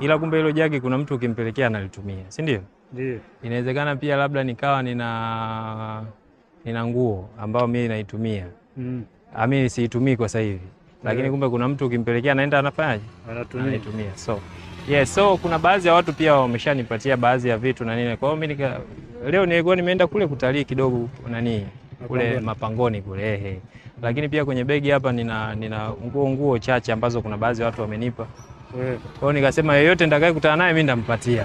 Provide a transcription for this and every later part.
Ila kumbe hilo jagi kuna mtu ukimpelekea analitumia, si ndio? Inawezekana pia labda nikawa nina nina nguo ambayo mimi naitumia mm. Ah, mimi siitumii kwa sasa hivi lakini eh. Kumbe kuna mtu ukimpelekea anaenda anafanyaje? Anatumia. Anatumia. So yeah, so kuna baadhi ya watu pia wameshanipatia baadhi ya vitu na nini. Kwa hiyo mimi nika leo nilikuwa nimeenda kule kutalii kidogo nani kule mapangoni, mapangoni kule ehe, eh. lakini pia kwenye begi hapa nina nina nguo nguo chache ambazo kuna baadhi ya watu wamenipa Mm. Kwa nikasema yeyote nitakayekutana naye mimi nitampatia.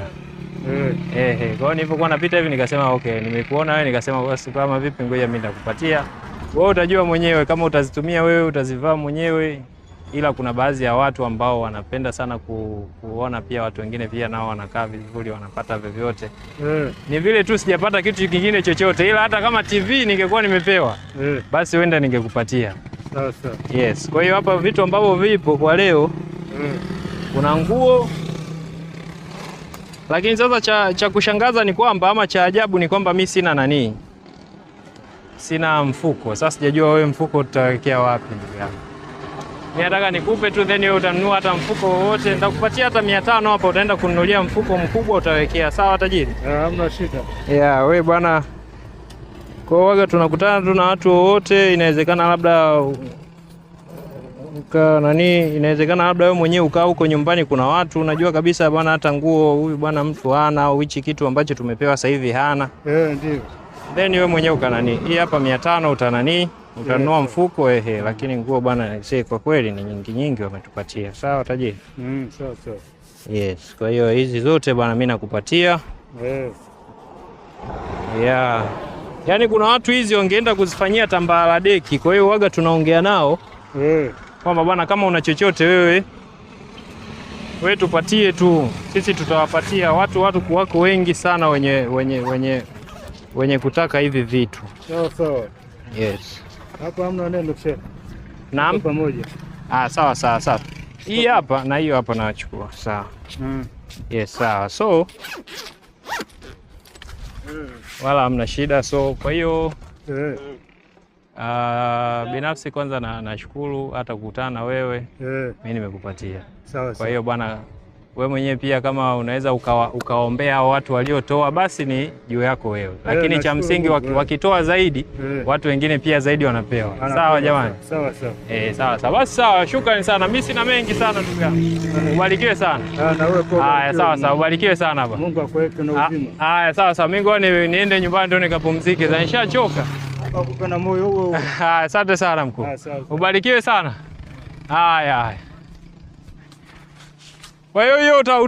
Mm. Eh, eh. Kwa nilipokuwa napita hivi nikasema okay, nimekuona wewe nikasema basi kama vipi ngoja mimi nitakupatia. Wewe utajua mwenyewe kama utazitumia wewe utazivaa mwenyewe ila kuna baadhi ya watu ambao wanapenda sana ku, kuona pia watu wengine pia nao wanakaa vizuri wanapata vyovyote. Mm. Ni vile tu sijapata kitu kingine chochote, ila hata kama TV ningekuwa nimepewa mm. basi wenda ningekupatia. Sasa. Yes. Kwa hiyo hapa vitu ambavyo vipo kwa leo mm kuna nguo. Lakini sasa cha, cha kushangaza ni kwamba ama cha ajabu ni kwamba mi sina nani, sina mfuko. Sasa sijajua wewe mfuko utawekea wapi ndugu yangu. Mimi nataka nikupe tu, then wewe utanunua hata mfuko wowote. Nitakupatia hata 500 hapa, utaenda kununulia mfuko mkubwa utawekea. Sawa tajiri? Eh, hamna shida. Yeah, wewe bwana, kwa waga tunakutana tu na watu wowote, inawezekana labda uka nani, inawezekana labda wewe mwenyewe ukaa huko nyumbani, kuna watu unajua kabisa bwana, hata nguo huyu bwana mtu hana au hichi kitu ambacho tumepewa sasa hivi hana eh, ndio then wewe mwenyewe uka nani, hii hapa 500 uta nani, utanua yeah, mfuko ehe, lakini nguo bwana, si kwa kweli ni nyingi nyingi wametupatia. Sawa tajiri. Mm, sawa sawa. Yes, kwa hiyo hizi zote bwana, mimi nakupatia Eh. yes. Yeah. Yaani kuna watu hizi wangeenda kuzifanyia tambaa deki, kwa hiyo waga tunaongea nao Eh. yeah kwamba bwana, kama una chochote wewe wewe tupatie tu, sisi tutawapatia watu. Watu kuwako wengi sana wenye, wenye, wenye, wenye kutaka hivi vitu sawa sawa. Yes. Hapa hamna neno chef. Naam. Pamoja. Ah, sawa sawa sawa. Hii hapa na hiyo hapa nawachukua Sawa. Mm. Yes, sawa. So mm. wala hamna shida, so kwa hiyo mm. Uh, binafsi kwanza na nashukuru hata kukutana na wewe yeah. Mimi nimekupatia sawa. Kwa hiyo bwana, we mwenyewe pia kama unaweza ukawa, ukaombea hao watu waliotoa basi ni juu yako wewe, eh, lakini yeah, cha msingi waki, eh. wakitoa zaidi yeah. Watu wengine pia zaidi wanapewa. Sawa jamani, sawa sawa, eh, sawa sawa, basi sawa, shukrani sana. Mimi sina mengi sana ndugu yangu, eh. ubarikiwe sana. Ah, haya, sawa sawa, ubarikiwe sana baba. Mungu akuweke na ah, uzima. Haya, sawa sawa, mimi ngoja niende nyumbani ndio nikapumzike, nishachoka. Tukakupa na moyo huo. huo. Asante sana mkuu. Ah, Ubarikiwe sana. Haya haya. Kwa hiyo hiyo